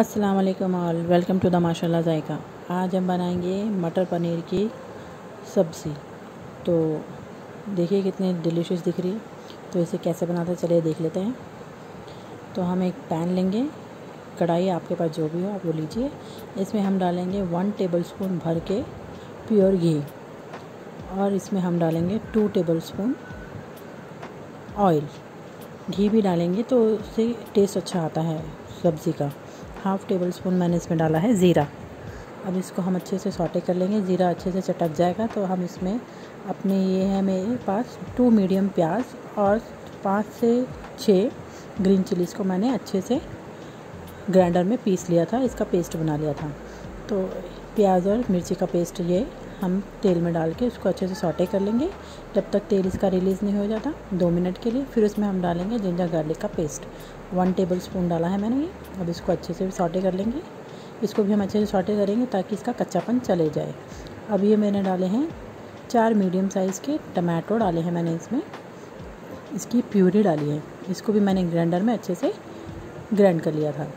अस्सलाम वालेकुम all welcome to the Mashallah Zaika आज हम बनाएंगे मटर पनीर की सब्ज़ी तो देखिए कितनी डिलीशियस दिख रही है तो इसे कैसे बनाते हैं चलिए देख लेते हैं तो हम एक पैन लेंगे कढ़ाई आपके पास जो भी हो आप वो लीजिए इसमें हम डालेंगे वन टेबल स्पून भर के प्योर घी और इसमें हम डालेंगे टू टेबल स्पून ऑयल घी भी डालेंगे तो उससे टेस्ट अच्छा आता है सब्ज़ी का हाफ़ टेबल स्पून मैंने इसमें डाला है ज़ीरा अब इसको हम अच्छे से सॉटे कर लेंगे ज़ीरा अच्छे से चटक जाएगा तो हम इसमें अपने ये है मेरे पास टू मीडियम प्याज और पाँच से छः ग्रीन चिलीज़ को मैंने अच्छे से ग्राइंडर में पीस लिया था इसका पेस्ट बना लिया था तो प्याज और मिर्ची का पेस्ट ये हम तेल में डाल के उसको अच्छे से सॉटे कर लेंगे जब तक तेल इसका रिलीज़ नहीं हो जाता दो मिनट के लिए फिर उसमें हम डालेंगे जिंजर गार्लिक का पेस्ट वन टेबल स्पून डाला है मैंने ये अब इसको अच्छे से सॉटे कर लेंगे इसको भी हम अच्छे से सॉटे करेंगे ताकि इसका कच्चापन चले जाए अब ये मैंने डाले हैं चार मीडियम साइज़ के टमाटो डाले हैं मैंने इसमें इसकी प्यूरी डाली है इसको भी मैंने ग्राइंडर में अच्छे से ग्राइंड कर लिया था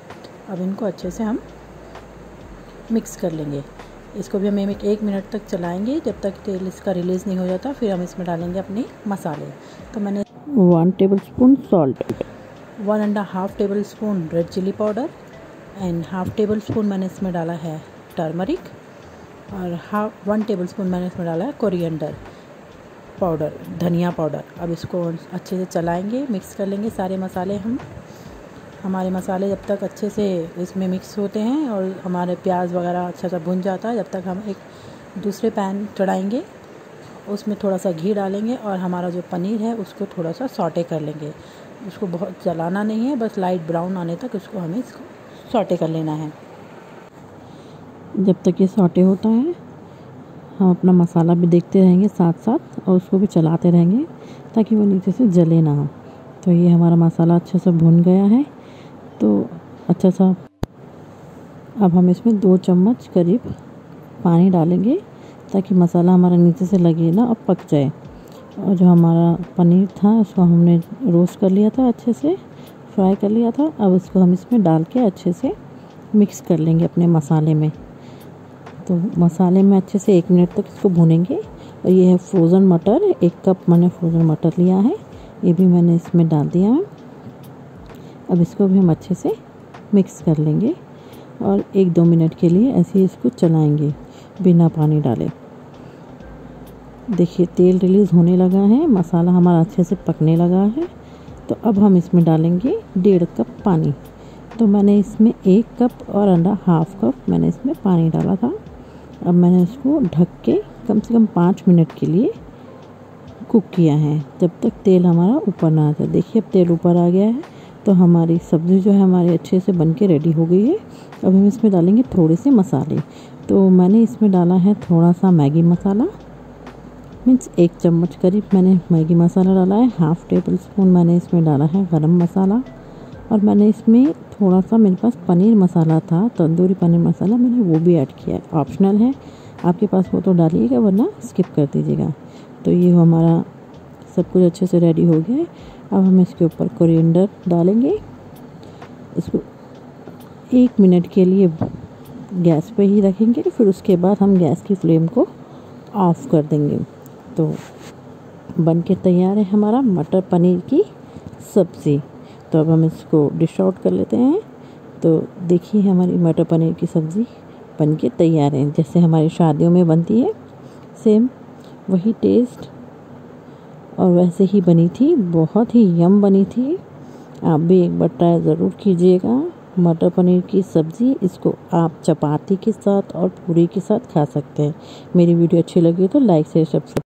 अब इनको अच्छे से हम मिक्स कर लेंगे इसको भी हम एक, एक मिनट तक चलाएंगे जब तक तेल इसका रिलीज़ नहीं हो जाता फिर हम इसमें डालेंगे अपने मसाले तो मैंने one tablespoon salt one and half tablespoon red chilli powder and half tablespoon मैंने इसमें डाला है टर्मरिक और हाफ वन टेबल स्पून मैंने इसमें डाला है कोरिएंडर पाउडर धनिया पाउडर अब इसको अच्छे से चलाएंगे मिक्स कर लेंगे सारे मसाले हम हमारे मसाले जब तक अच्छे से इसमें मिक्स होते हैं और हमारे प्याज वगैरह अच्छा सा भुन जाता है जब तक हम एक दूसरे पैन चढ़ाएंगे उसमें थोड़ा सा घी डालेंगे और हमारा जो पनीर है उसको थोड़ा सा सॉटे कर लेंगे उसको बहुत जलाना नहीं है बस लाइट ब्राउन आने तक उसको हमें इसको सॉटे कर लेना है जब तक ये सॉटे होता है हम अपना मसाला भी देखते रहेंगे साथ साथ और उसको भी चलाते रहेंगे ताकि वो नीचे से जले ना हो तो ये हमारा मसाला अच्छे से भुन गया है तो अच्छा सा अब हम इसमें दो चम्मच करीब पानी डालेंगे ताकि मसाला हमारा नीचे से लगे ना और पक जाए और जो हमारा पनीर था उसको हमने रोस्ट कर लिया था अच्छे से फ्राई कर लिया था अब उसको हम इसमें डाल के अच्छे से मिक्स कर लेंगे अपने मसाले में तो मसाले में अच्छे से एक मिनट तक इसको भूनेंगे और ये है फ्रोज़न मटर एक कप मैंने फ्रोज़न मटर लिया है ये भी मैंने इसमें डाल दिया है अब इसको भी हम अच्छे से मिक्स कर लेंगे और एक दो मिनट के लिए ऐसे ही इसको चलाएंगे बिना पानी डाले देखिए तेल रिलीज़ होने लगा है मसाला हमारा अच्छे से पकने लगा है तो अब हम इसमें डालेंगे डेढ़ कप पानी तो मैंने इसमें एक कप और अंडा हाफ कप मैंने इसमें पानी डाला था अब मैंने इसको ढक के कम से कम पाँच मिनट के लिए कुक किया है जब तक तेल हमारा ऊपर ना आ जाए देखिए अब तेल ऊपर आ गया है तो हमारी सब्ज़ी जो है हमारी अच्छे से बन के रेडी हो गई है अब हम इसमें डालेंगे थोड़े से मसाले तो मैंने इसमें डाला है थोड़ा सा मैगी मसाला मीन्स एक चम्मच करीब मैंने मैगी मसाला डाला है हाफ़ टेबल स्पून मैंने इसमें डाला है गरम मसाला और मैंने इसमें थोड़ा सा मेरे पास पनीर मसाला था तंदूरी पनीर मसाला मैंने वो भी ऐड किया है ऑप्शनल है आपके पास वो तो डालिएगा वरना स्किप कर दीजिएगा तो ये हमारा सब कुछ अच्छे से रेडी हो गया है अब हम इसके ऊपर कोरिएंडर डालेंगे इसको एक मिनट के लिए गैस पे ही रखेंगे फिर उसके बाद हम गैस की फ्लेम को ऑफ़ कर देंगे तो बन के तैयार है हमारा मटर पनीर की सब्ज़ी तो अब हम इसको डिश आउट कर लेते हैं तो देखिए हमारी मटर पनीर की सब्ज़ी बन के तैयार है जैसे हमारी शादियों में बनती है सेम वही टेस्ट और वैसे ही बनी थी बहुत ही यम बनी थी आप भी एक बार ट्राई ज़रूर कीजिएगा मटर पनीर की सब्ज़ी इसको आप चपाती के साथ और पूरी के साथ खा सकते हैं मेरी वीडियो अच्छी लगी तो लाइक से सब्सक्राइब